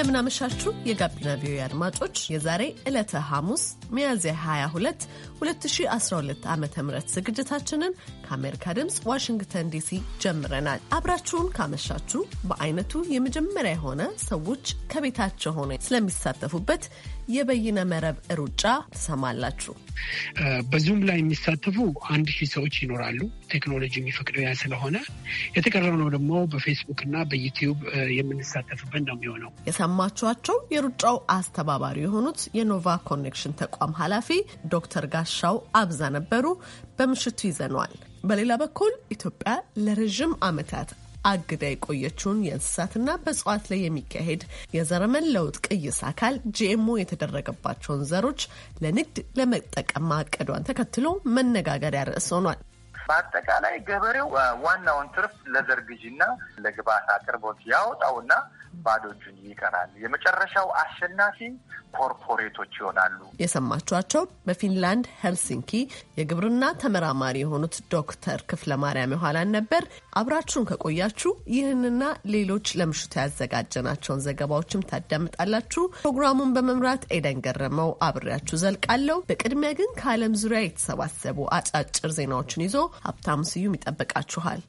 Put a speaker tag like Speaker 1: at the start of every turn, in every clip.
Speaker 1: እንደምናመሻችሁ የጋቢና ቪኦኤ አድማጮች የዛሬ ዕለተ ሐሙስ ሚያዝያ 22 2012 ዓ ም ዝግጅታችንን ከአሜሪካ ድምፅ ዋሽንግተን ዲሲ ጀምረናል። አብራችሁን ካመሻችሁ በአይነቱ የመጀመሪያ የሆነ ሰዎች ከቤታቸው ሆነ ስለሚሳተፉበት የበይነ መረብ ሩጫ ትሰማላችሁ። በዙም ላይ የሚሳተፉ
Speaker 2: አንድ ሺህ ሰዎች ይኖራሉ። ቴክኖሎጂ የሚፈቅደው ያ ስለሆነ የተቀረው ነው ደግሞ በፌስቡክ እና በዩቲዩብ የምንሳተፍበት ነው የሚሆነው።
Speaker 1: የሰማችኋቸው የሩጫው አስተባባሪ የሆኑት የኖቫ ኮኔክሽን ተቋም ኃላፊ ዶክተር ጋሻው አብዛ ነበሩ። በምሽቱ ይዘነዋል። በሌላ በኩል ኢትዮጵያ ለረዥም ዓመታት አግዳ የቆየችውን የእንስሳትና በእጽዋት ላይ የሚካሄድ የዘረመን ለውጥ ቅይስ አካል ጂኤምኦ የተደረገባቸውን ዘሮች ለንግድ ለመጠቀም ማቀዷን ተከትሎ መነጋገሪያ ርዕስ ሆኗል። በአጠቃላይ
Speaker 3: ገበሬው ዋናውን ትርፍ ለዘር ግዢና ለግብዓት አቅርቦት ያወጣውና ባዶ እጁን ይቀራል። የመጨረሻው አሸናፊ ኮርፖሬቶች ይሆናሉ።
Speaker 1: የሰማችኋቸው በፊንላንድ ሄልሲንኪ የግብርና ተመራማሪ የሆኑት ዶክተር ክፍለ ማርያም የኋላን ነበር። አብራችሁን ከቆያችሁ ይህንና ሌሎች ለምሽቱ ያዘጋጀናቸውን ዘገባዎችም ታዳምጣላችሁ። ፕሮግራሙን በመምራት ኤደን ገረመው አብሬያችሁ ዘልቃለሁ። በቅድሚያ ግን ከዓለም ዙሪያ የተሰባሰቡ አጫጭር ዜናዎችን ይዞ ሀብታሙ ስዩም ይጠብቃችኋል።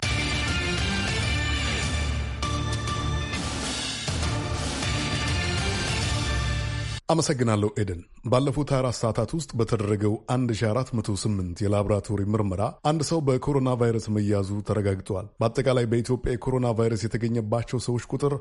Speaker 4: አመሰግናለሁ ኤደን። ባለፉት 24 ሰዓታት ውስጥ በተደረገው 1408 የላቦራቶሪ ምርመራ አንድ ሰው በኮሮና ቫይረስ መያዙ ተረጋግጠዋል። በአጠቃላይ በኢትዮጵያ የኮሮና ቫይረስ የተገኘባቸው ሰዎች ቁጥር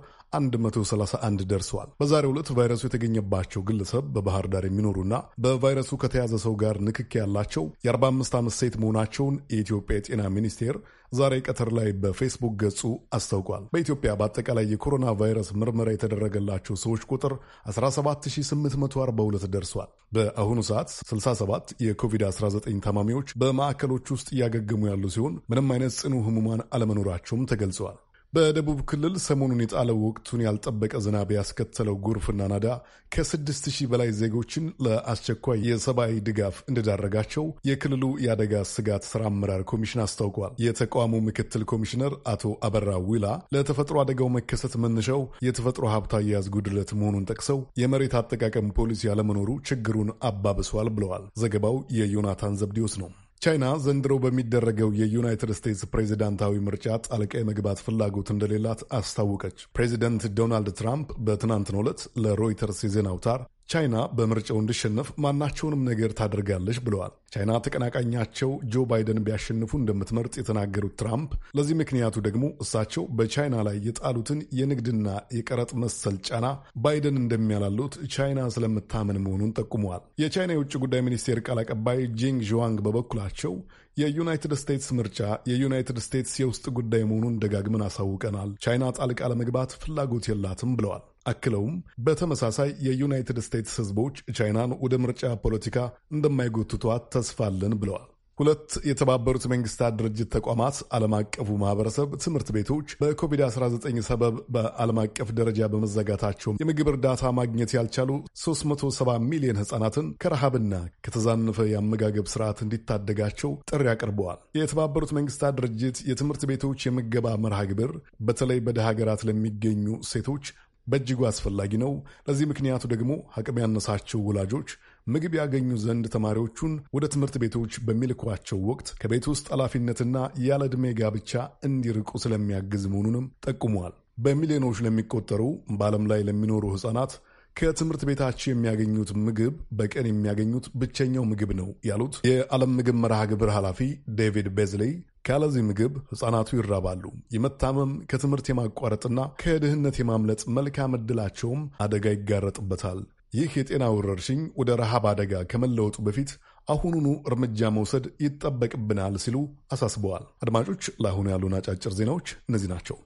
Speaker 4: 131 ደርሰዋል። በዛሬው ዕለት ቫይረሱ የተገኘባቸው ግለሰብ በባህር ዳር የሚኖሩና በቫይረሱ ከተያዘ ሰው ጋር ንክክ ያላቸው የ45 ዓመት ሴት መሆናቸውን የኢትዮጵያ የጤና ሚኒስቴር ዛሬ ቀትር ላይ በፌስቡክ ገጹ አስታውቋል። በኢትዮጵያ በአጠቃላይ የኮሮና ቫይረስ ምርመራ የተደረገላቸው ሰዎች ቁጥር 17842 ደርሷል። በአሁኑ ሰዓት 67 የኮቪድ-19 ታማሚዎች በማዕከሎች ውስጥ እያገገሙ ያሉ ሲሆን ምንም አይነት ጽኑ ህሙማን አለመኖራቸውም ተገልጸዋል። በደቡብ ክልል ሰሞኑን የጣለው ወቅቱን ያልጠበቀ ዝናብ ያስከተለው ጎርፍና ናዳ ከ6000 በላይ ዜጎችን ለአስቸኳይ የሰብአዊ ድጋፍ እንደዳረጋቸው የክልሉ የአደጋ ስጋት ስራ አመራር ኮሚሽን አስታውቋል። የተቋሙ ምክትል ኮሚሽነር አቶ አበራ ዊላ ለተፈጥሮ አደጋው መከሰት መነሻው የተፈጥሮ ሀብት አያያዝ ጉድለት መሆኑን ጠቅሰው የመሬት አጠቃቀም ፖሊሲ ያለመኖሩ ችግሩን አባብሷል ብለዋል። ዘገባው የዮናታን ዘብዴዎስ ነው። ቻይና ዘንድሮ በሚደረገው የዩናይትድ ስቴትስ ፕሬዚዳንታዊ ምርጫ ጣልቃ የመግባት ፍላጎት እንደሌላት አስታወቀች። ፕሬዚደንት ዶናልድ ትራምፕ በትናንትናው ዕለት ለሮይተርስ የዜና አውታር ቻይና በምርጫው እንዲሸነፍ ማናቸውንም ነገር ታደርጋለች ብለዋል። ቻይና ተቀናቃኛቸው ጆ ባይደን ቢያሸንፉ እንደምትመርጥ የተናገሩት ትራምፕ ለዚህ ምክንያቱ ደግሞ እሳቸው በቻይና ላይ የጣሉትን የንግድና የቀረጥ መሰል ጫና ባይደን እንደሚያላሉት ቻይና ስለምታምን መሆኑን ጠቁመዋል። የቻይና የውጭ ጉዳይ ሚኒስቴር ቃል አቀባይ ጂንግ ዥዋንግ በበኩላቸው የዩናይትድ ስቴትስ ምርጫ የዩናይትድ ስቴትስ የውስጥ ጉዳይ መሆኑን ደጋግመን አሳውቀናል። ቻይና ጣልቃ ለመግባት ፍላጎት የላትም ብለዋል። አክለውም በተመሳሳይ የዩናይትድ ስቴትስ ሕዝቦች ቻይናን ወደ ምርጫ ፖለቲካ እንደማይጎትቷት ተስፋለን ብለዋል። ሁለት የተባበሩት መንግስታት ድርጅት ተቋማት ዓለም አቀፉ ማህበረሰብ ትምህርት ቤቶች በኮቪድ-19 ሰበብ በዓለም አቀፍ ደረጃ በመዘጋታቸው የምግብ እርዳታ ማግኘት ያልቻሉ 370 ሚሊዮን ህጻናትን ከረሃብና ከተዛነፈ የአመጋገብ ስርዓት እንዲታደጋቸው ጥሪ አቅርበዋል። የተባበሩት መንግስታት ድርጅት የትምህርት ቤቶች የምገባ መርሃ ግብር በተለይ በድሃ ሀገራት ለሚገኙ ሴቶች በእጅጉ አስፈላጊ ነው። ለዚህ ምክንያቱ ደግሞ አቅም ያነሳቸው ወላጆች ምግብ ያገኙ ዘንድ ተማሪዎቹን ወደ ትምህርት ቤቶች በሚልኳቸው ወቅት ከቤት ውስጥ ኃላፊነትና ያለ ዕድሜ ጋብቻ እንዲርቁ ስለሚያግዝ መሆኑንም ጠቁመዋል። በሚሊዮኖች ለሚቆጠሩ በዓለም ላይ ለሚኖሩ ሕፃናት ከትምህርት ቤታቸው የሚያገኙት ምግብ በቀን የሚያገኙት ብቸኛው ምግብ ነው ያሉት የዓለም ምግብ መርሃ ግብር ኃላፊ ዴቪድ ቤዝሌይ ካለዚህ ምግብ ሕፃናቱ ይራባሉ። የመታመም ከትምህርት የማቋረጥና ከድህነት የማምለጥ መልካም ዕድላቸውም አደጋ ይጋረጥበታል። ይህ የጤና ወረርሽኝ ወደ ረሃብ አደጋ ከመለወጡ በፊት አሁኑኑ እርምጃ መውሰድ ይጠበቅብናል ሲሉ አሳስበዋል። አድማጮች፣ ለአሁኑ ያሉን አጫጭር ዜናዎች እነዚህ ናቸው።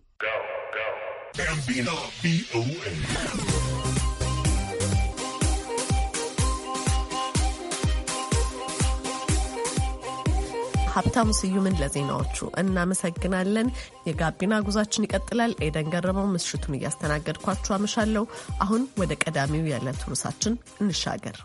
Speaker 1: ሀብታሙ ስዩምን ለዜናዎቹ እናመሰግናለን። የጋቢና ጉዟችን ይቀጥላል። ኤደን ገረመው ምሽቱን እያስተናገድኳችሁ አመሻለሁ። አሁን ወደ ቀዳሚው የዕለት ርዕሳችን እንሻገር።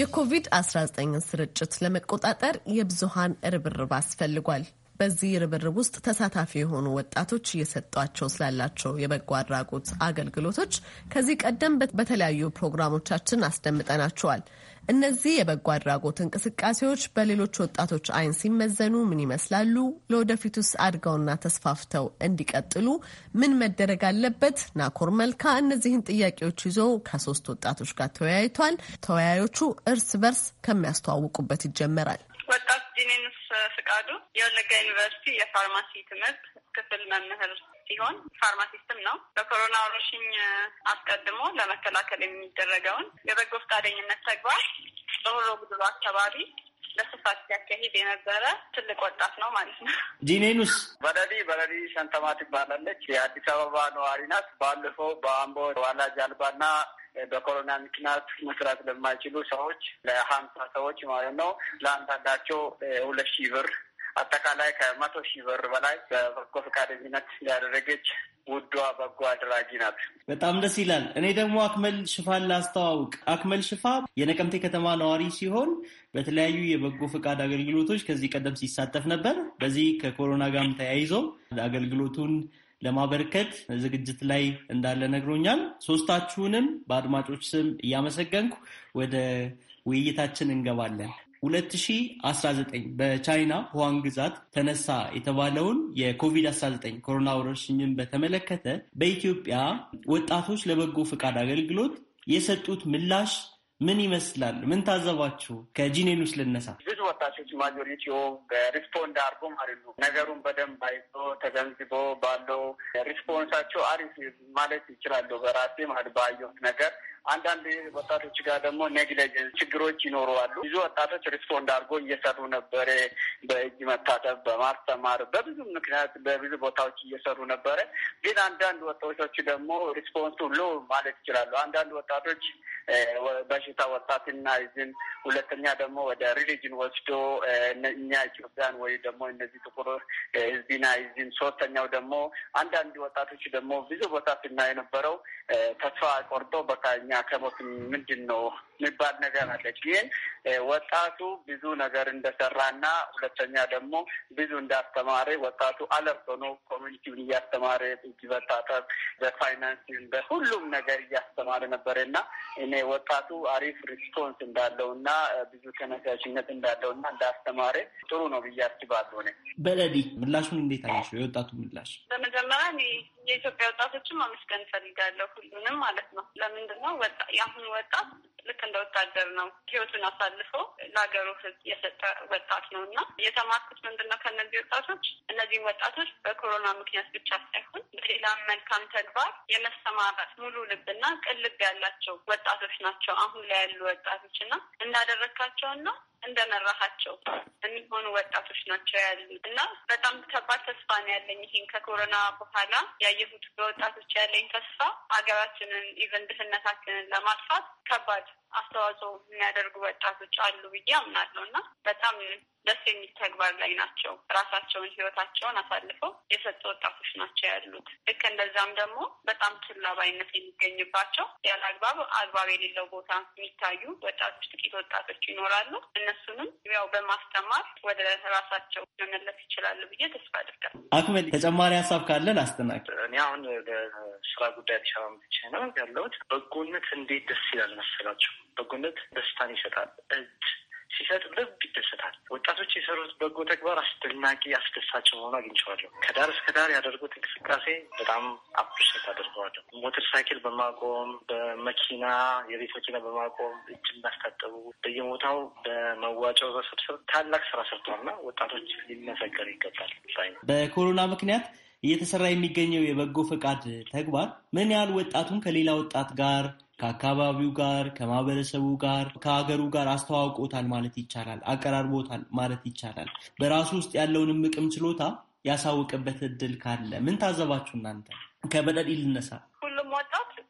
Speaker 1: የኮቪድ-19 ስርጭት ለመቆጣጠር የብዙሃን ርብርብ አስፈልጓል። በዚህ ርብርብ ውስጥ ተሳታፊ የሆኑ ወጣቶች እየሰጧቸው ስላላቸው የበጎ አድራጎት አገልግሎቶች ከዚህ ቀደም በተለያዩ ፕሮግራሞቻችን አስደምጠናቸዋል። እነዚህ የበጎ አድራጎት እንቅስቃሴዎች በሌሎች ወጣቶች አይን ሲመዘኑ ምን ይመስላሉ? ለወደፊቱስ አድገውና ተስፋፍተው እንዲቀጥሉ ምን መደረግ አለበት? ናኮር መልካ እነዚህን ጥያቄዎች ይዞ ከሶስት ወጣቶች ጋር ተወያይቷል። ተወያዮቹ እርስ በርስ ከሚያስተዋውቁበት ይጀመራል።
Speaker 5: ፈቃዱ የወለጋ ዩኒቨርሲቲ የፋርማሲ ትምህርት ክፍል መምህር ሲሆን ፋርማሲስትም ነው። በኮሮና ወረርሽኝ አስቀድሞ ለመከላከል የሚደረገውን የበጎ ፈቃደኝነት ተግባር በሆሮ ጉዱሩ አካባቢ በስፋት ሲያካሂድ የነበረ ትልቅ
Speaker 6: ወጣት ነው ማለት ነው። ጂኔኑስ በለዲ በለዲ ሸንተማ ትባላለች። የአዲስ አበባ ነዋሪ ናት። ባለፈው በአምቦ ዋላ ጃልባ በኮሮና ምክንያት መስራት ለማይችሉ ሰዎች ለሀምሳ ሰዎች ማለት ነው ለአንዳንዳቸው ሁለት ሺህ ብር አጠቃላይ ከመቶ ሺህ ብር በላይ በበጎ ፈቃደኝነት ያደረገች ውዷ በጎ አድራጊ ናት።
Speaker 7: በጣም ደስ ይላል። እኔ ደግሞ አክመል ሽፋን ላስተዋውቅ። አክመል ሽፋ የነቀምቴ ከተማ ነዋሪ ሲሆን በተለያዩ የበጎ ፈቃድ አገልግሎቶች ከዚህ ቀደም ሲሳተፍ ነበር። በዚህ ከኮሮና ጋርም ተያይዞ አገልግሎቱን ለማበርከት ዝግጅት ላይ እንዳለ ነግሮኛል። ሶስታችሁንም በአድማጮች ስም እያመሰገንኩ ወደ ውይይታችን እንገባለን። 2019 በቻይና ሁዋን ግዛት ተነሳ የተባለውን የኮቪድ-19 ኮሮና ወረርሽኝን በተመለከተ በኢትዮጵያ ወጣቶች ለበጎ ፈቃድ አገልግሎት የሰጡት ምላሽ ምን ይመስላል? ምን ታዘባችሁ? ከጂኔሉስ ልነሳ።
Speaker 6: ብዙ ወጣቶች ማጆሪቲው ሪስፖንድ አድርጎ ማለት ነው ነገሩን በደንብ አይቶ ተገንዝቦ ባለው ሪስፖንሳቸው አሪፍ ማለት ይችላሉ። በራሴ ማለት ባየሁት ነገር አንዳንድ ወጣቶች ጋር ደግሞ ኔግሌጀንስ ችግሮች አሉ ብዙ ወጣቶች ሪስፖንድ አድርጎ እየሰሩ ነበረ። በእጅ መታጠብ፣ በማስተማር በብዙ ምክንያት በብዙ ቦታዎች እየሰሩ ነበረ። ግን አንዳንድ ወጣቶች ደግሞ ሪስፖንሱ ሎ ማለት ይችላሉ። አንዳንድ ወጣቶች በሽታ ወጣትና ይዝን ሁለተኛ ደግሞ ወደ ሪሊጅን ወስዶ እኛ ኢትዮጵያን ወይ ደግሞ እነዚህ ጥቁር ህዝቢና ይዝን ሶስተኛው ደግሞ አንዳንድ ወጣቶች ደግሞ ብዙ ቦታ ስናይ የነበረው ተስፋ ቆርጦ በቃ 人家开不进缅甸喽。የሚባል ነገር አለ። ግን ወጣቱ ብዙ ነገር እንደሰራና ሁለተኛ ደግሞ ብዙ እንዳስተማረ ወጣቱ አለርት ሆኖ ኮሚኒቲውን እያስተማረ እጅ በታጠብ በፋይናንስ በሁሉም ነገር እያስተማረ ነበር እና እኔ ወጣቱ አሪፍ ሪስፖንስ እንዳለው እና ብዙ ተነሳሽነት እንዳለው እና እንዳስተማረ ጥሩ ነው ብዬ አስባለሁ።
Speaker 5: ነ
Speaker 7: በለዲ ምላሹን እንዴት አየሽው? የወጣቱ ምላሽ
Speaker 5: በመጀመሪያ እኔ የኢትዮጵያ ወጣቶችን ማመስገን እፈልጋለሁ። ሁሉንም ማለት ነው። ለምንድን ነው የአሁኑ ወጣት ልክ እንደ ወታደር ነው ህይወቱን አሳልፎ ለሀገሩ ህዝብ የሰጠ ወጣት ነው እና የተማርኩት ምንድነው ከእነዚህ ወጣቶች እነዚህም ወጣቶች በኮሮና ምክንያት ብቻ ሳይሆን በሌላ መልካም ተግባር የመሰማራት ሙሉ ልብና ቅን ልብ ያላቸው ወጣቶች ናቸው አሁን ላይ ያሉ ወጣቶች እና እንዳደረግካቸውና እንደመራሃቸው የሚሆኑ ወጣቶች ናቸው ያሉ እና በጣም ከባድ ተስፋ ነው ያለኝ። ይህን ከኮሮና በኋላ ያየሁት በወጣቶች ያለኝ ተስፋ ሀገራችንን ኢቨን ድህነታችንን ለማጥፋት ከባድ አስተዋጽኦ የሚያደርጉ ወጣቶች አሉ ብዬ አምናለሁ እና በጣም ደስ የሚል ተግባር ላይ ናቸው። ራሳቸውን ህይወታቸውን አሳልፈው የሰጡ ወጣቶች ናቸው ያሉት። ልክ እንደዛም ደግሞ በጣም ችላ የሚገኝባቸው ያለ አግባብ አግባብ የሌለው ቦታ የሚታዩ ወጣቶች ጥቂት ወጣቶች ይኖራሉ። እነሱንም ያው በማስተማር ወደ ራሳቸው መመለስ ይችላሉ ብዬ ተስፋ አድርጋለሁ።
Speaker 7: አክመል ተጨማሪ ሀሳብ ካለ ላስተናግድ።
Speaker 5: እኔ አሁን ወደ
Speaker 8: ስራ ጉዳይ አዲስ አበባ መጥቼ ነው ያለሁት። በጎነት እንዴት ደስ ይላል መሰላቸው። በጎነት ደስታን ይሰጣል እጅ ሲሰጥ ልብ ይደሰታል። ወጣቶች የሰሩት በጎ ተግባር አስደናቂ፣ አስደሳች መሆኑ አግኝቸዋለሁ። ከዳር እስከ ዳር ያደርጉት እንቅስቃሴ በጣም አፕሪሼት አደርገዋለሁ። ሞተር ሳይክል በማቆም በመኪና የቤት መኪና በማቆም እጅ እናስታጠቡ በየቦታው በመዋጫው በሰብሰብ ታላቅ ስራ ሰርቷልና ወጣቶች ሊመሰገር ይገባል።
Speaker 7: በኮሮና ምክንያት እየተሰራ የሚገኘው የበጎ ፈቃድ ተግባር ምን ያህል ወጣቱን ከሌላ ወጣት ጋር ከአካባቢው ጋር ከማህበረሰቡ ጋር ከሀገሩ ጋር አስተዋውቆታል ማለት ይቻላል፣ አቀራርቦታል ማለት ይቻላል። በራሱ ውስጥ ያለውን እምቅም ችሎታ ያሳወቀበት እድል ካለ ምን ታዘባችሁ እናንተ? ከበደል ይልነሳል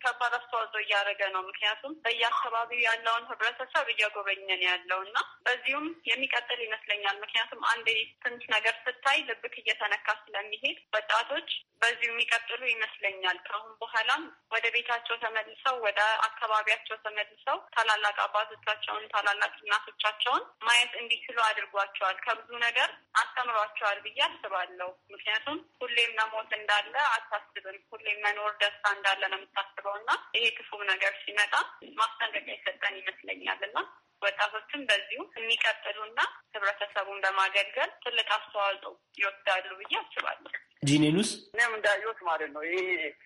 Speaker 5: ከባድ አስተዋጽኦ እያደረገ ነው። ምክንያቱም በየአካባቢው ያለውን ህብረተሰብ እየጎበኘን ያለው እና በዚሁም የሚቀጥል ይመስለኛል። ምክንያቱም አንድ ትንሽ ነገር ስታይ ልብክ እየተነካ ስለሚሄድ ወጣቶች በዚሁ የሚቀጥሉ ይመስለኛል። ከአሁን በኋላም ወደ ቤታቸው ተመልሰው ወደ አካባቢያቸው ተመልሰው ታላላቅ አባቶቻቸውን ታላላቅ እናቶቻቸውን ማየት እንዲችሉ አድርጓቸዋል። ከብዙ ነገር አስተምሯቸዋል ብዬ አስባለሁ። ምክንያቱም ሁሌም መሞት እንዳለ አታስብም። ሁሌም መኖር ደስታ እንዳለ ነው የምታስበው የምናደርገው እና ይሄ ክፉ ነገር ሲመጣ ማስጠንቀቂያ የሰጠን ይመስለኛል እና ወጣቶችም በዚሁ የሚቀጥሉና ህብረተሰቡን በማገልገል ትልቅ አስተዋጽኦ ይወስዳሉ ብዬ አስባለሁ። ጂኔሉስ እኔም እንዳየሁት ማለት ነው ይሄ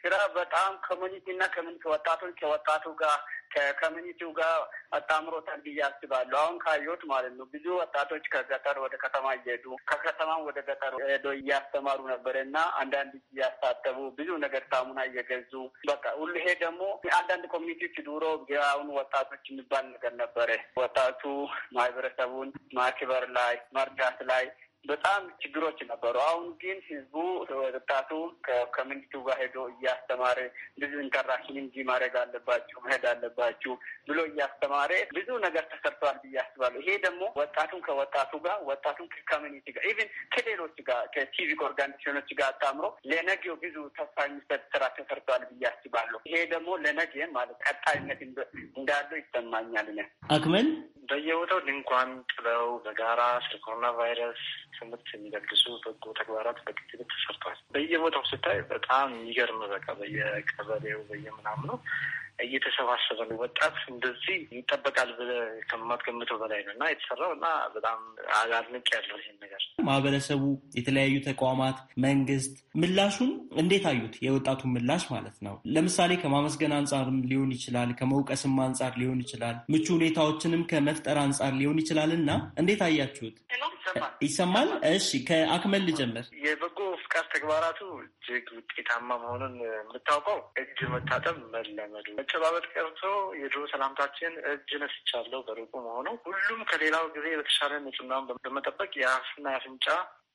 Speaker 5: ስራ
Speaker 6: በጣም ኮሚኒቲ እና ኮሚኒቲ ወጣቶች ከወጣቱ ጋር ከኮሚኒቲው ጋር አጣምሮታል ብዬ አስባለሁ። አሁን ካየሁት ማለት ነው ብዙ ወጣቶች ከገጠር ወደ ከተማ እየሄዱ ከከተማም ወደ ገጠር ሄዶ እያስተማሩ ነበር እና አንዳንድ እያሳተቡ ብዙ ነገር ሳሙና እየገዙ በቃ ሁሉ ይሄ ደግሞ አንዳንድ ኮሚኒቲዎች ዱሮ አሁን ወጣቶች የሚባል ነገር ነበረ። ወጣቱ ማህበረሰቡን ማክበር ላይ መርዳት ላይ በጣም ችግሮች ነበሩ። አሁን ግን ህዝቡ ወጣቱ ከመንግስቱ ጋር ሄዶ እያስተማረ ብዙ ኢንተራክሽን እንጂ ማድረግ አለባችሁ መሄድ አለባችሁ ብሎ እያስተማረ ብዙ ነገር ተሰርተዋል ብዬ አስባለሁ። ይሄ ደግሞ ወጣቱን ከወጣቱ ጋር ወጣቱን ከኮሚኒቲ ጋር ኢቨን ከሌሎች ጋር ከሲቪክ ኦርጋኒዜሽኖች ጋር አጣምሮ ለነገው ብዙ ተስፋ የሚሰጥ ስራ ተሰርተዋል ብዬ አስባለሁ። ይሄ ደግሞ ለነገ ማለት ቀጣይነት እንዳለው ይሰማኛል። ነ
Speaker 7: አክመል
Speaker 8: በየቦታው ድንኳን ጥለው በጋራ ስለ ኮሮና ቫይረስ ትምህርት የሚለግሱ በጎ ተግባራት በቅትልት ተሰርተዋል። በየቦታው ስታይ በጣም የሚገርም በቃ በየቀበሌው በየምናምኑ እየተሰባሰበ ነው። ወጣት እንደዚህ ይጠበቃል ብለህ ከማትገምተው በላይ ነው እና የተሰራው እና በጣም አድንቅ ያለው ይህን ነገር
Speaker 7: ማህበረሰቡ፣ የተለያዩ ተቋማት፣ መንግስት ምላሹን እንዴት አዩት? የወጣቱን ምላሽ ማለት ነው። ለምሳሌ ከማመስገን አንጻርም ሊሆን ይችላል፣ ከመውቀስም አንጻር ሊሆን ይችላል፣ ምቹ ሁኔታዎችንም ከመፍጠር አንጻር ሊሆን ይችላል እና እንዴት አያችሁት? ይሰማል። እሺ፣ ከአክመል ልጀምር።
Speaker 8: የበጎ ፍቃድ ተግባራቱ እጅግ ውጤታማ መሆኑን የምታውቀው እጅ መታጠብ መለመዱ መጨባበጥ ቀርቶ የድሮ ሰላምታችን እጅ ነስቻለሁ በሩቁ መሆኑ ሁሉም ከሌላው ጊዜ በተሻለ ንጽህናውን በመጠበቅ የአፍና የአፍንጫ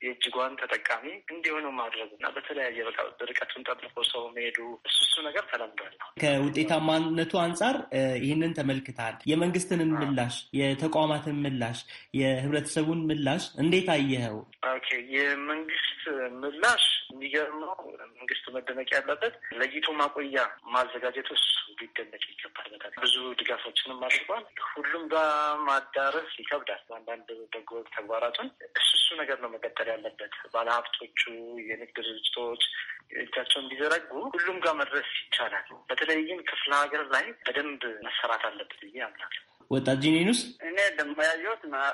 Speaker 8: የእጅጓን ተጠቃሚ እንዲሆኑ ማድረጉ እና በተለያየ በቃ ርቀቱን ጠብቆ ሰው መሄዱ እሱ እሱ ነገር ተለምዷል።
Speaker 7: ከውጤታማነቱ አንጻር ይህንን ተመልክታል። የመንግስትንን ምላሽ፣ የተቋማትን ምላሽ፣ የህብረተሰቡን ምላሽ እንዴት አየኸው?
Speaker 8: የመንግስት ምላሽ የሚገርመው መንግስት መደነቅ ያለበት ለይቶ ማቆያ ማዘጋጀት እሱ ሊደነቅ ይገባል። በጣም ብዙ ድጋፎችንም አድርጓል። ሁሉም ጋር ማዳረስ ይከብዳል። አንዳንድ በጎ ተግባራቱን እሱ እሱ ነገር ነው መቀጠል ያለበት ባለሀብቶቹ፣ የንግድ ድርጅቶች እጃቸውን እንዲዘረጉ ሁሉም ጋር መድረስ ይቻላል። በተለይም ክፍለ ሀገር ላይ በደንብ መሰራት አለበት ብዬ አምናለሁ።
Speaker 7: ወጣት ጂኒኑስ
Speaker 6: እኔ ደግሞ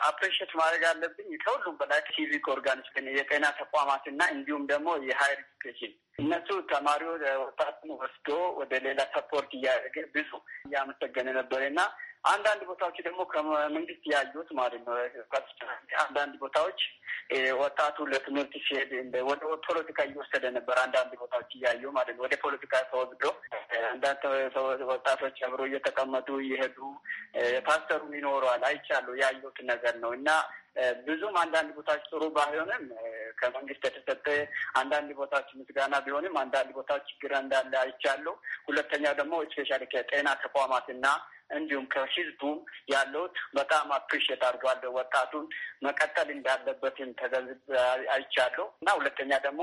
Speaker 6: አፕሬሽት ማድረግ አለብኝ። ከሁሉም በላይ ሲቪክ ኦርጋኒስ የጤና ተቋማት እና እንዲሁም ደግሞ የሀይር ኤዱኬሽን እነሱ ተማሪው ወጣት ወስዶ ወደ ሌላ ሰፖርት እያደረገ ብዙ እያመሰገነ ነበር እና አንዳንድ ቦታዎች ደግሞ ከመንግስት ያዩት ማለት ነው። አንዳንድ ቦታዎች ወጣቱ ለትምህርት ሲሄድ ወደ ፖለቲካ እየወሰደ ነበር። አንዳንድ ቦታዎች እያዩ ማለት ነው። ወደ ፖለቲካ ተወግዶ አንዳንድ ወጣቶች አብሮ እየተቀመጡ እየሄዱ ፓስተሩ ይኖረዋል። አይቻሉ ያዩት ነገር ነው እና ብዙም አንዳንድ ቦታዎች ጥሩ ባይሆንም ከመንግስት የተሰጠ አንዳንድ ቦታዎች ምስጋና ቢሆንም አንዳንድ ቦታዎች ችግር እንዳለ አይቻሉ። ሁለተኛ ደግሞ ስፔሻሊ ከጤና ተቋማት እና እንዲሁም ከህዝቡም ያለውት በጣም አፕሪሼት አድርገዋለሁ። ወጣቱን መቀጠል እንዳለበትን ተገንዝብ አይቻለሁ እና ሁለተኛ ደግሞ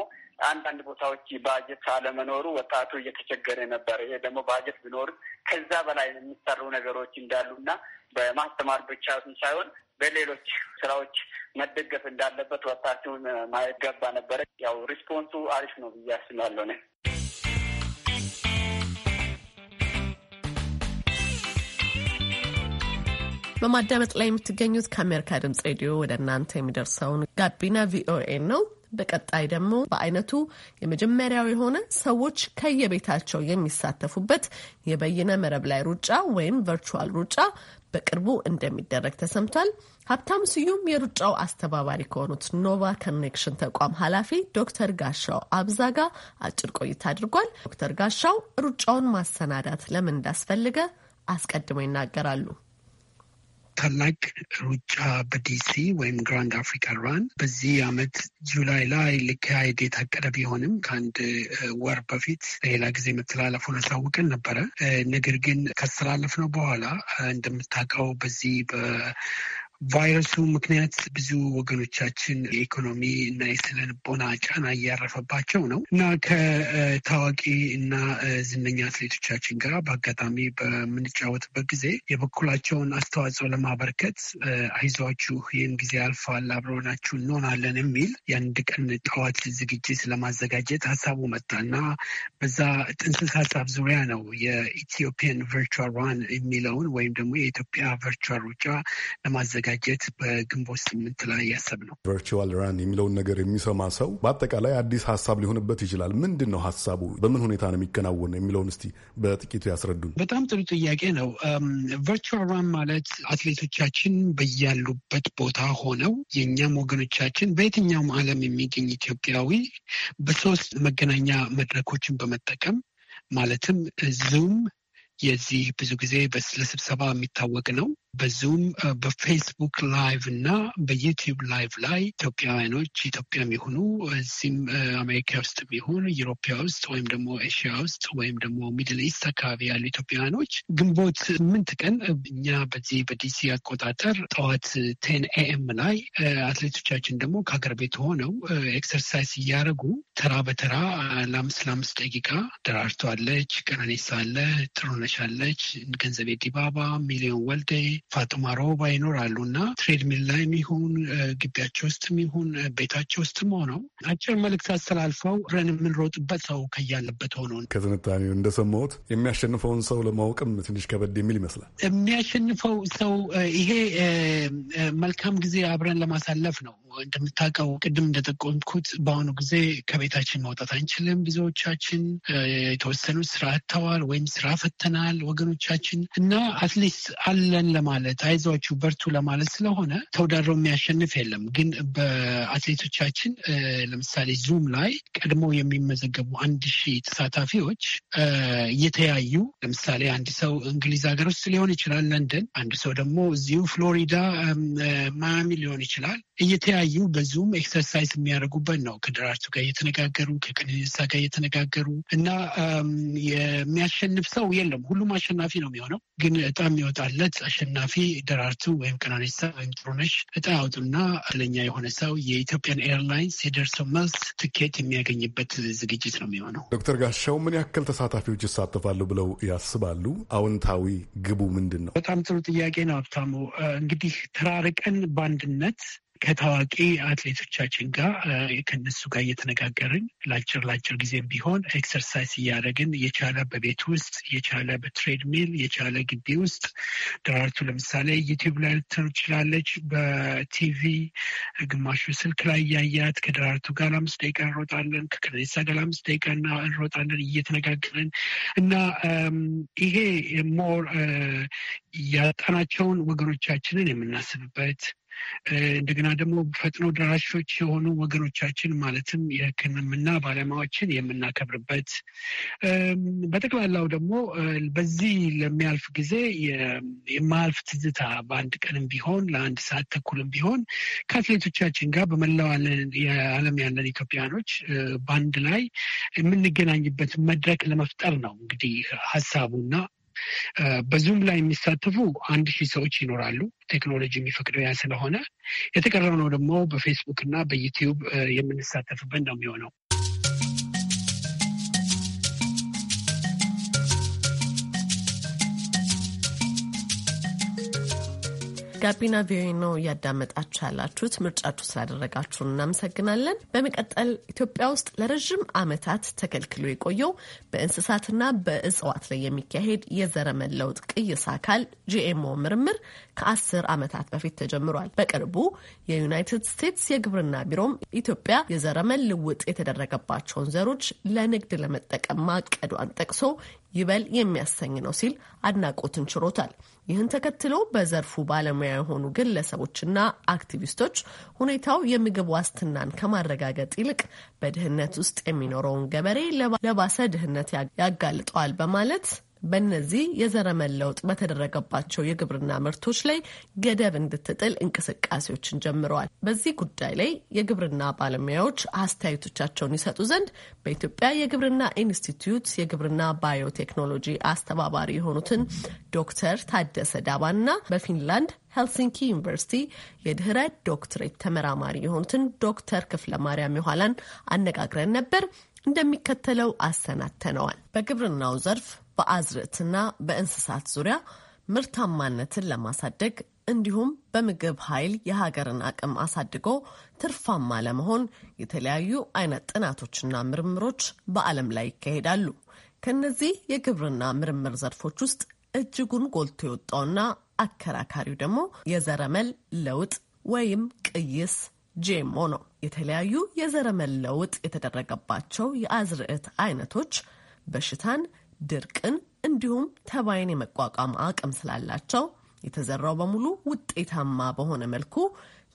Speaker 6: አንዳንድ ቦታዎች ባጀት አለመኖሩ ወጣቱ እየተቸገረ ነበር። ይሄ ደግሞ ባጀት ቢኖርም ከዛ በላይ የሚሰሩ ነገሮች እንዳሉ እና በማስተማር ብቻ ሳይሆን በሌሎች ስራዎች መደገፍ እንዳለበት ወጣቱን ማይገባ ገባ ነበረ። ያው ሪስፖንሱ አሪፍ ነው ብዬ አስባለሁ።
Speaker 1: በማዳመጥ ላይ የምትገኙት ከአሜሪካ ድምጽ ሬዲዮ ወደ እናንተ የሚደርሰውን ጋቢና ቪኦኤ ነው። በቀጣይ ደግሞ በአይነቱ የመጀመሪያው የሆነ ሰዎች ከየቤታቸው የሚሳተፉበት የበይነ መረብ ላይ ሩጫ ወይም ቨርቹዋል ሩጫ በቅርቡ እንደሚደረግ ተሰምቷል። ሀብታም ስዩም የሩጫው አስተባባሪ ከሆኑት ኖቫ ኮኔክሽን ተቋም ኃላፊ ዶክተር ጋሻው አብዛ ጋር አጭር ቆይታ አድርጓል። ዶክተር ጋሻው ሩጫውን ማሰናዳት ለምን እንዳስፈልገ አስቀድመው ይናገራሉ።
Speaker 2: ታላቅ ሩጫ በዲሲ ወይም ግራንድ አፍሪካ ራን በዚህ አመት ጁላይ ላይ ሊካሄድ የታቀደ ቢሆንም ከአንድ ወር በፊት ሌላ ጊዜ መተላለፉን አሳውቀን ነበረ። ነገር ግን ካስተላለፍነው በኋላ እንደምታውቀው በዚህ ቫይረሱ ምክንያት ብዙ ወገኖቻችን የኢኮኖሚ እና የስነ ልቦና ጫና እያረፈባቸው ነው እና ከታዋቂ እና ዝነኛ አትሌቶቻችን ጋር በአጋጣሚ በምንጫወትበት ጊዜ የበኩላቸውን አስተዋጽኦ ለማበርከት አይዟችሁ፣ ይህን ጊዜ አልፋል፣ አብረናችሁ እንሆናለን የሚል የአንድ ቀን ጠዋት ዝግጅት ለማዘጋጀት ሀሳቡ መጣ እና በዛ ጥንስስ ሀሳብ ዙሪያ ነው የኢትዮጵያን ቨርቹዋል ራን የሚለውን ወይም ደግሞ የኢትዮጵያ ቨርቹዋል ሩጫ ለማዘጋጀት ለማዘጋጀት በግንቦት ስምንት ላይ
Speaker 4: ነው። ቨርቹዋል ራን የሚለውን ነገር የሚሰማ ሰው በአጠቃላይ አዲስ ሀሳብ ሊሆንበት ይችላል። ምንድን ነው ሀሳቡ? በምን ሁኔታ ነው የሚከናወን የሚለውን እስቲ በጥቂቱ ያስረዱን።
Speaker 2: በጣም ጥሩ ጥያቄ ነው። ቨርቹዋል ራን ማለት አትሌቶቻችን በያሉበት ቦታ ሆነው የእኛም ወገኖቻችን በየትኛውም ዓለም የሚገኝ ኢትዮጵያዊ በሶስት መገናኛ መድረኮችን በመጠቀም ማለትም ዙም የዚህ ብዙ ጊዜ ለስብሰባ የሚታወቅ ነው። በዙም በፌስቡክ ላይቭ እና በዩቲዩብ ላይቭ ላይ ኢትዮጵያውያኖች ኢትዮጵያ የሚሆኑ እዚህም አሜሪካ ውስጥ ይሁን ዩሮፒያ ውስጥ ወይም ደግሞ ኤሽያ ውስጥ ወይም ደግሞ ሚድል ኢስት አካባቢ ያሉ ኢትዮጵያውያኖች ግንቦት ስምንት ቀን እኛ በዚህ በዲሲ አቆጣጠር ጠዋት ቴን ኤኤም ላይ አትሌቶቻችን ደግሞ ከሀገር ቤት ሆነው ኤክሰርሳይዝ እያደረጉ ተራ በተራ ለአምስት ለአምስት ደቂቃ ደራርቶ አለች፣ ቀነኒሳ አለ፣ ጥሩነሽ አለች፣ ገንዘቤ ዲባባ፣ ሚሊዮን ወልዴ ፋጡማ ሮባ ይኖራሉ እና ትሬድሚል ላይ የሚሆን ግቢያቸው ውስጥም ይሁን ቤታቸው ውስጥም ሆነው አጭር መልእክት አስተላልፈው ረን የምንሮጥበት ሰው ከያለበት
Speaker 4: ሆኖ ከትንታኔው እንደሰማሁት የሚያሸንፈውን ሰው ለማወቅም ትንሽ ከበድ የሚል ይመስላል።
Speaker 2: የሚያሸንፈው ሰው ይሄ መልካም ጊዜ አብረን ለማሳለፍ ነው። እንደምታውቀው ቅድም እንደጠቆምኩት በአሁኑ ጊዜ ከቤታችን መውጣት አንችልም። ብዙዎቻችን የተወሰኑ ስራ አጥተዋል ወይም ስራ ፈተናል ወገኖቻችን እና አትሊስት አለን ለማ ለማለት አይዟችሁ በርቱ ለማለት ስለሆነ ተወዳድረው የሚያሸንፍ የለም። ግን በአትሌቶቻችን ለምሳሌ ዙም ላይ ቀድሞ የሚመዘገቡ አንድ ሺህ ተሳታፊዎች እየተያዩ ለምሳሌ አንድ ሰው እንግሊዝ ሀገር ውስጥ ሊሆን ይችላል ለንደን፣ አንድ ሰው ደግሞ እዚሁ ፍሎሪዳ ማያሚ ሊሆን ይችላል እየተያዩ በዙም ኤክሰርሳይዝ የሚያደርጉበት ነው። ከደራርቱ ጋር እየተነጋገሩ ከቀነኒሳ ጋር እየተነጋገሩ እና የሚያሸንፍ ሰው የለም። ሁሉም አሸናፊ ነው የሚሆነው። ግን እጣ የሚወጣለት አሸናፊ ጸሐፊ ደራርቱ ወይም ቀናኒሳ ወይም ጥሩነሽ እጣ አውጡና ለኛ የሆነ ሰው የኢትዮጵያን ኤርላይንስ የደርሶ መልስ ትኬት የሚያገኝበት ዝግጅት ነው የሚሆነው።
Speaker 4: ዶክተር ጋሻው ምን ያክል ተሳታፊዎች ይሳተፋሉ ብለው ያስባሉ? አዎንታዊ ግቡ ምንድን ነው? በጣም ጥሩ ጥያቄ ነው ሀብታሙ።
Speaker 2: እንግዲህ ተራርቀን በአንድነት ከታዋቂ አትሌቶቻችን ጋር ከነሱ ጋር እየተነጋገርን ለአጭር ለአጭር ጊዜም ቢሆን ኤክሰርሳይዝ እያደረግን የቻለ በቤት ውስጥ የቻለ በትሬድሚል የቻለ ግቢ ውስጥ ደራርቱ ለምሳሌ ዩቲዩብ ላይ ልትኖር ትችላለች። በቲቪ ግማሹ ስልክ ላይ እያያት ከደራርቱ ጋር ለአምስት ደቂቃ እንሮጣለን፣ ከከነሳ ጋር ለአምስት ደቂቃ እና እንሮጣለን እየተነጋገርን እና ይሄ ሞር ያጣናቸውን ወገኖቻችንን የምናስብበት እንደገና ደግሞ ፈጥኖ ደራሾች የሆኑ ወገኖቻችን ማለትም የሕክምና ባለሙያዎችን የምናከብርበት በጠቅላላው ደግሞ በዚህ ለሚያልፍ ጊዜ የማያልፍ ትዝታ በአንድ ቀንም ቢሆን ለአንድ ሰዓት ተኩልም ቢሆን ከአትሌቶቻችን ጋር በመላው የዓለም ያለን ኢትዮጵያኖች በአንድ ላይ የምንገናኝበት መድረክ ለመፍጠር ነው እንግዲህ ሀሳቡና በዙም ላይ የሚሳተፉ አንድ ሺህ ሰዎች ይኖራሉ። ቴክኖሎጂ የሚፈቅደው ያ ስለሆነ ነው ደግሞ በፌስቡክ እና በዩቲዩብ የምንሳተፍበት ነው የሚሆነው።
Speaker 1: ጋቢና ቪኦኤ ነው እያዳመጣችሁ ያላችሁት። ምርጫችሁ ስላደረጋችሁን እናመሰግናለን። በመቀጠል ኢትዮጵያ ውስጥ ለረዥም ዓመታት ተከልክሎ የቆየው በእንስሳትና በእጽዋት ላይ የሚካሄድ የዘረመን ለውጥ ቅይስ አካል ጂኤምኦ ምርምር ከአስር ዓመታት በፊት ተጀምሯል። በቅርቡ የዩናይትድ ስቴትስ የግብርና ቢሮም ኢትዮጵያ የዘረመን ልውጥ የተደረገባቸውን ዘሮች ለንግድ ለመጠቀም ማቀዷን ጠቅሶ ይበል የሚያሰኝ ነው ሲል አድናቆትን ችሮታል። ይህን ተከትሎ በዘርፉ ባለሙያ የሆኑ ግለሰቦችና አክቲቪስቶች ሁኔታው የምግብ ዋስትናን ከማረጋገጥ ይልቅ በድህነት ውስጥ የሚኖረውን ገበሬ ለባሰ ድህነት ያጋልጠዋል በማለት በእነዚህ የዘረመን ለውጥ በተደረገባቸው የግብርና ምርቶች ላይ ገደብ እንድትጥል እንቅስቃሴዎችን ጀምረዋል። በዚህ ጉዳይ ላይ የግብርና ባለሙያዎች አስተያየቶቻቸውን ይሰጡ ዘንድ በኢትዮጵያ የግብርና ኢንስቲትዩት የግብርና ባዮቴክኖሎጂ አስተባባሪ የሆኑትን ዶክተር ታደሰ ዳባና በፊንላንድ ሄልሲንኪ ዩኒቨርሲቲ የድህረ ዶክትሬት ተመራማሪ የሆኑትን ዶክተር ክፍለ ማርያም የኋላን አነጋግረን ነበር። እንደሚከተለው አሰናተነዋል። በግብርናው ዘርፍ በአዝርዕትና በእንስሳት ዙሪያ ምርታማነትን ለማሳደግ እንዲሁም በምግብ ኃይል የሀገርን አቅም አሳድጎ ትርፋማ ለመሆን የተለያዩ አይነት ጥናቶችና ምርምሮች በዓለም ላይ ይካሄዳሉ። ከነዚህ የግብርና ምርምር ዘርፎች ውስጥ እጅጉን ጎልቶ የወጣውና አከራካሪው ደግሞ የዘረመል ለውጥ ወይም ቅይስ ጄሞ ነው። የተለያዩ የዘረመል ለውጥ የተደረገባቸው የአዝርዕት አይነቶች በሽታን ድርቅን እንዲሁም ተባይን የመቋቋም አቅም ስላላቸው የተዘራው በሙሉ ውጤታማ በሆነ መልኩ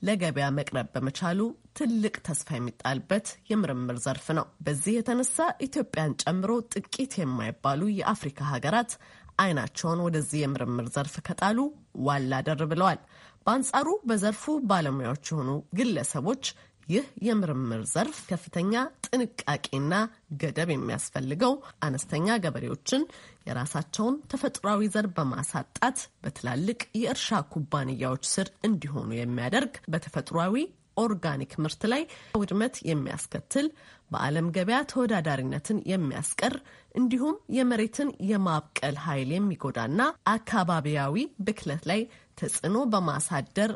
Speaker 1: ለገበያ መቅረብ በመቻሉ ትልቅ ተስፋ የሚጣልበት የምርምር ዘርፍ ነው። በዚህ የተነሳ ኢትዮጵያን ጨምሮ ጥቂት የማይባሉ የአፍሪካ ሀገራት አይናቸውን ወደዚህ የምርምር ዘርፍ ከጣሉ ዋላ ደር ብለዋል። በአንጻሩ በዘርፉ ባለሙያዎች የሆኑ ግለሰቦች ይህ የምርምር ዘርፍ ከፍተኛ ጥንቃቄና ገደብ የሚያስፈልገው አነስተኛ ገበሬዎችን የራሳቸውን ተፈጥሯዊ ዘር በማሳጣት በትላልቅ የእርሻ ኩባንያዎች ስር እንዲሆኑ የሚያደርግ በተፈጥሯዊ ኦርጋኒክ ምርት ላይ ውድመት የሚያስከትል በዓለም ገበያ ተወዳዳሪነትን የሚያስቀር እንዲሁም የመሬትን የማብቀል ኃይል የሚጎዳና አካባቢያዊ ብክለት ላይ ተጽዕኖ በማሳደር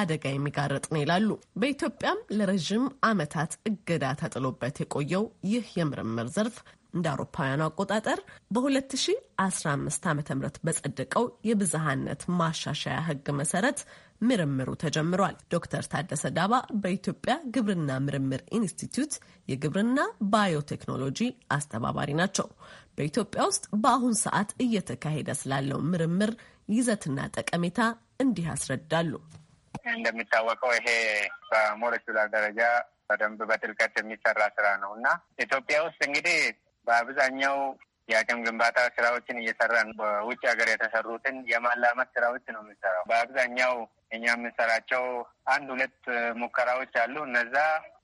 Speaker 1: አደጋ የሚጋረጥ ነው ይላሉ። በኢትዮጵያም ለረዥም ዓመታት እገዳ ተጥሎበት የቆየው ይህ የምርምር ዘርፍ እንደ አውሮፓውያኑ አቆጣጠር በ2015 ዓ ም በጸደቀው የብዝሃነት ማሻሻያ ህግ መሰረት ምርምሩ ተጀምሯል። ዶክተር ታደሰ ዳባ በኢትዮጵያ ግብርና ምርምር ኢንስቲትዩት የግብርና ባዮቴክኖሎጂ አስተባባሪ ናቸው። በኢትዮጵያ ውስጥ በአሁን ሰዓት እየተካሄደ ስላለው ምርምር ይዘትና ጠቀሜታ እንዲህ ያስረዳሉ።
Speaker 9: እንደሚታወቀው ይሄ በሞረች ደረጃ በደንብ በጥልቀት የሚሰራ ስራ ነው እና ኢትዮጵያ ውስጥ እንግዲህ በአብዛኛው የአቅም ግንባታ ስራዎችን እየሰራን በውጭ ሀገር የተሰሩትን የማላመት ስራዎች ነው የምንሰራው። በአብዛኛው እኛ የምንሰራቸው አንድ ሁለት ሙከራዎች አሉ። እነዛ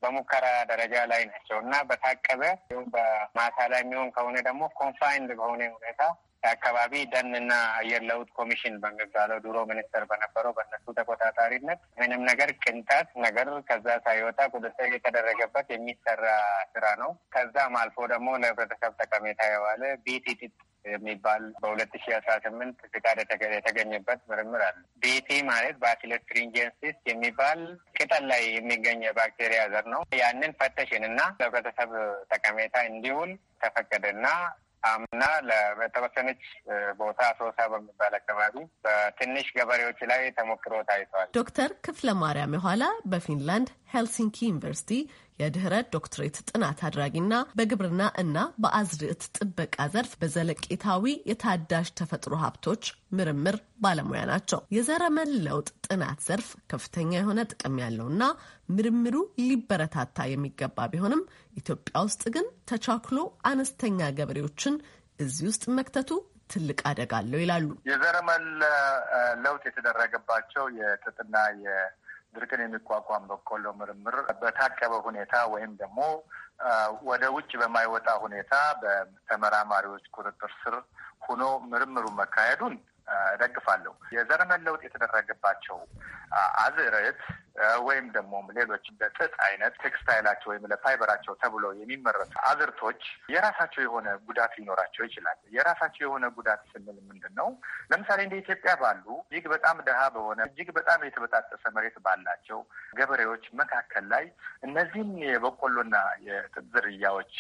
Speaker 9: በሙከራ ደረጃ ላይ ናቸው እና በታቀበ በማሳ ላይ የሚሆን ከሆነ ደግሞ ኮንፋይንድ በሆነ ሁኔታ የአካባቢ ደንና አየር ለውጥ ኮሚሽን በሚባለው ድሮ ሚኒስተር በነበረው በእነሱ ተቆጣጣሪነት ምንም ነገር ቅንጣት ነገር ከዛ ሳይወጣ ቁጥጥር የተደረገበት የሚሰራ ስራ ነው። ከዛም አልፎ ደግሞ ለህብረተሰብ ጠቀሜታ የዋለ ቢቲቲ ጥጥ የሚባል በሁለት ሺ አስራ ስምንት ፍቃድ የተገኘበት ምርምር አለ። ቢቲ ማለት ባሲለስ ትሪንጀንሲስ የሚባል ቅጠል ላይ የሚገኝ የባክቴሪያ ዘር ነው። ያንን ፈተሽን እና ለህብረተሰብ ጠቀሜታ እንዲውል ተፈቀደና አምና ለተወሰነች ቦታ ሶሳ በሚባል አካባቢ በትንሽ ገበሬዎች ላይ
Speaker 1: ተሞክሮ ታይቷል። ዶክተር ክፍለ ማርያም የኋላ በፊንላንድ ሄልሲንኪ ዩኒቨርሲቲ የድህረ ዶክትሬት ጥናት አድራጊና በግብርና እና በአዝርዕት ጥበቃ ዘርፍ በዘለቄታዊ የታዳሽ ተፈጥሮ ሀብቶች ምርምር ባለሙያ ናቸው። የዘረመል ለውጥ ጥናት ዘርፍ ከፍተኛ የሆነ ጥቅም ያለውና ምርምሩ ሊበረታታ የሚገባ ቢሆንም ኢትዮጵያ ውስጥ ግን ተቻክሎ አነስተኛ ገበሬዎችን እዚህ ውስጥ መክተቱ ትልቅ አደጋ አለው ይላሉ።
Speaker 3: የዘረመል ለውጥ የተደረገባቸው የጥጥና ድርቅን የሚቋቋም በቆሎ ምርምር በታቀበ ሁኔታ ወይም ደግሞ ወደ ውጭ በማይወጣ ሁኔታ በተመራማሪዎች ቁጥጥር ስር ሆኖ ምርምሩ መካሄዱን እደግፋለሁ። የዘረመን ለውጥ የተደረገባቸው አዝርት ወይም ደግሞ ሌሎች እንደ ጥጥ አይነት ቴክስታይላቸው ወይም ለፋይበራቸው ተብሎ የሚመረቱ አዝርቶች የራሳቸው የሆነ ጉዳት ሊኖራቸው ይችላል። የራሳቸው የሆነ ጉዳት ስንል ምንድን ነው? ለምሳሌ እንደ ኢትዮጵያ ባሉ እጅግ በጣም ድሃ በሆነ እጅግ በጣም የተበጣጠሰ መሬት ባላቸው ገበሬዎች መካከል ላይ እነዚህም የበቆሎና የጥጥ ዝርያዎች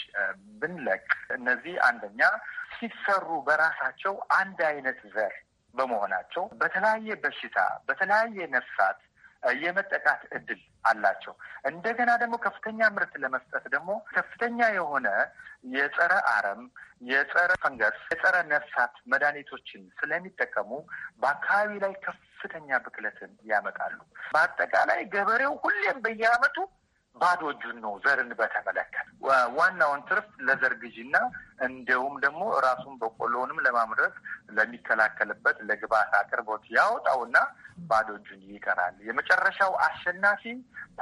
Speaker 3: ብንለቅ እነዚህ አንደኛ ሲሰሩ በራሳቸው አንድ አይነት ዘር በመሆናቸው በተለያየ በሽታ በተለያየ ነፍሳት የመጠቃት እድል አላቸው። እንደገና ደግሞ ከፍተኛ ምርት ለመስጠት ደግሞ ከፍተኛ የሆነ የጸረ አረም፣ የጸረ ፈንገስ፣ የጸረ ነፍሳት መድኃኒቶችን ስለሚጠቀሙ በአካባቢ ላይ ከፍተኛ ብክለትን ያመጣሉ። በአጠቃላይ ገበሬው ሁሌም በየዓመቱ ባዶ እጁን ነው ዘርን በተመለከተ ዋናውን ትርፍ ለዘር ግዢና እንዲሁም ደግሞ ራሱን በቆሎንም ለማምረት ለሚከላከልበት ለግብዓት አቅርቦት ያወጣውና ባዶ እጁን ይቀራል። የመጨረሻው አሸናፊ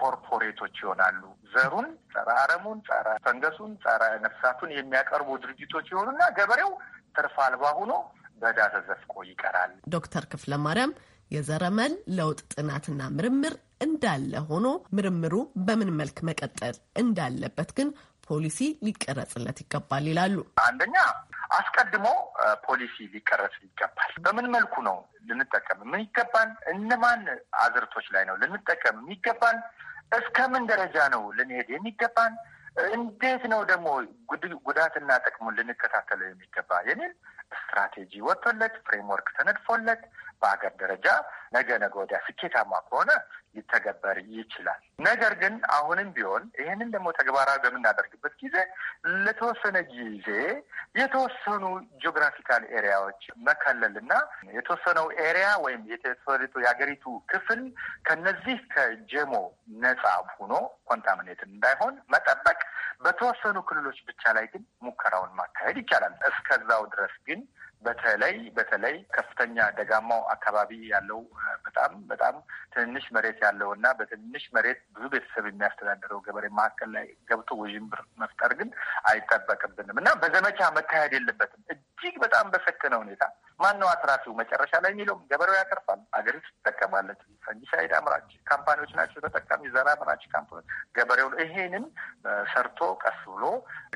Speaker 3: ኮርፖሬቶች ይሆናሉ። ዘሩን፣ ጸረ አረሙን፣ ጸረ ፈንገሱን፣ ጸረ ነፍሳቱን የሚያቀርቡ ድርጅቶች ይሆኑና ገበሬው ትርፍ አልባ ሆኖ በዳ ተዘፍቆ ይቀራል።
Speaker 1: ዶክተር ክፍለ ማርያም የዘረመል ለውጥ ጥናትና ምርምር እንዳለ ሆኖ ምርምሩ በምን መልክ መቀጠል እንዳለበት ግን ፖሊሲ ሊቀረጽለት ይገባል ይላሉ። አንደኛ አስቀድሞ
Speaker 3: ፖሊሲ ሊቀረጽ ይገባል። በምን መልኩ ነው ልንጠቀም የሚገባን? እነማን አዝርቶች ላይ ነው ልንጠቀም የሚገባን? እስከምን ደረጃ ነው ልንሄድ የሚገባን? እንዴት ነው ደግሞ ጉዳትና ጥቅሙን ልንከታተለው የሚገባ የሚል ስትራቴጂ ወጥቶለት ፍሬምወርክ ተነድፎለት በሀገር ደረጃ ነገ ነገ ወዲያ ስኬታማ ከሆነ ሊተገበር ይችላል። ነገር ግን አሁንም ቢሆን ይህንን ደግሞ ተግባራዊ በምናደርግበት ጊዜ ለተወሰነ ጊዜ የተወሰኑ ጂኦግራፊካል ኤሪያዎች መከለል እና የተወሰነው ኤሪያ ወይም የተወሰኑ የሀገሪቱ ክፍል ከነዚህ ከጀሞ ነጻ ሆኖ ኮንታምኔት እንዳይሆን መጠበቅ፣ በተወሰኑ ክልሎች ብቻ ላይ ግን ሙከራውን ማካሄድ ይቻላል። እስከዛው ድረስ ግን በተለይ በተለይ ከፍተኛ ደጋማው አካባቢ ያለው በጣም በጣም ትንንሽ መሬት ያለው እና በትንንሽ መሬት ብዙ ቤተሰብ የሚያስተዳድረው ገበሬ መካከል ላይ ገብቶ ውዥንብር መፍጠር ግን አይጠበቅብንም እና በዘመቻ መካሄድ የለበትም። እጅግ በጣም በሰከነ ሁኔታ ማነው አትራፊው መጨረሻ ላይ የሚለውም ገበሬው ያተርፋል፣ አገሪቱ ትጠቀማለች። ፈንጂሳይድ አምራች ካምፓኒዎች ናቸው ተጠቃሚ፣ ዘር አምራች ካምፓኒ ገበሬው። ይሄንን ሰርቶ ቀስ ብሎ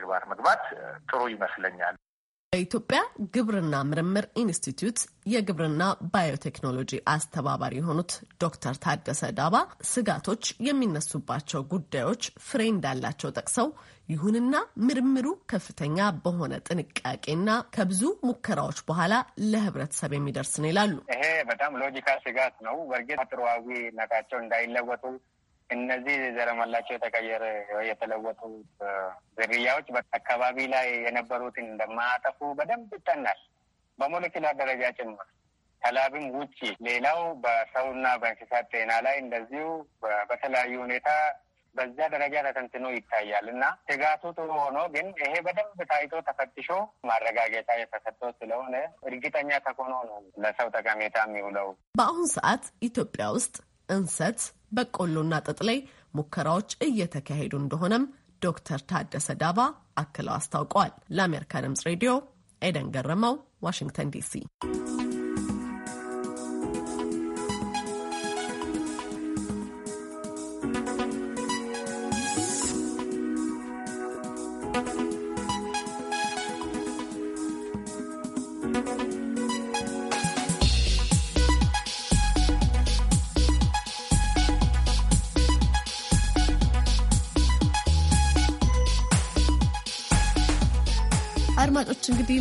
Speaker 3: ግባር መግባት ጥሩ ይመስለኛል።
Speaker 1: በኢትዮጵያ ግብርና ምርምር ኢንስቲትዩት የግብርና ባዮቴክኖሎጂ አስተባባሪ የሆኑት ዶክተር ታደሰ ዳባ ስጋቶች የሚነሱባቸው ጉዳዮች ፍሬ እንዳላቸው ጠቅሰው ይሁንና ምርምሩ ከፍተኛ በሆነ ጥንቃቄና ከብዙ ሙከራዎች በኋላ ለህብረተሰብ የሚደርስ ነው ይላሉ።
Speaker 9: ይሄ በጣም ሎጂካል ስጋት ነው። በእርግጥ ተፈጥሯዊ ነቃቸው እንዳይለወጡ እነዚህ ዘረመላቸው የተቀየረ የተለወጡ ዝርያዎች አካባቢ ላይ የነበሩትን እንደማያጠፉ በደንብ ይጠናል፣ በሞለኪውላር ደረጃ ጭምር ከላብም ውጭ ሌላው በሰውና በእንስሳት ጤና ላይ እንደዚሁ በተለያዩ ሁኔታ በዛ ደረጃ ተተንትኖ ይታያል እና ትጋቱ ጥሩ ሆኖ ግን ይሄ በደንብ ታይቶ ተፈትሾ ማረጋገጫ የተሰጠው ስለሆነ እርግጠኛ ተኮኖ ነው ለሰው ጠቀሜታ የሚውለው።
Speaker 1: በአሁኑ ሰዓት ኢትዮጵያ ውስጥ እንሰት፣ በቆሎና ጥጥ ላይ ሙከራዎች እየተካሄዱ እንደሆነም ዶክተር ታደሰ ዳባ አክለው አስታውቀዋል። ለአሜሪካ ድምጽ ሬዲዮ ኤደን ገረመው፣ ዋሽንግተን ዲሲ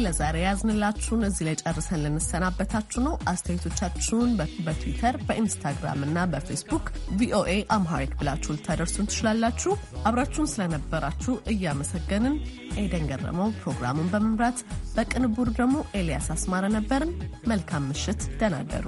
Speaker 1: ለዛሬ ያዝንላችሁን እዚህ ላይ ጨርሰን ልንሰናበታችሁ ነው። አስተያየቶቻችሁን በትዊተር በኢንስታግራም እና በፌስቡክ ቪኦኤ አምሃሪክ ብላችሁ ልታደርሱን ትችላላችሁ። አብራችሁን ስለነበራችሁ እያመሰገንን ኤደን ገረመው ፕሮግራሙን በመምራት በቅንቡር ደግሞ ኤልያስ አስማረ ነበርን። መልካም ምሽት፣ ደህና እደሩ።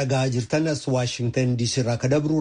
Speaker 7: dhaga'aa jirtan washington waashintan diisii irraa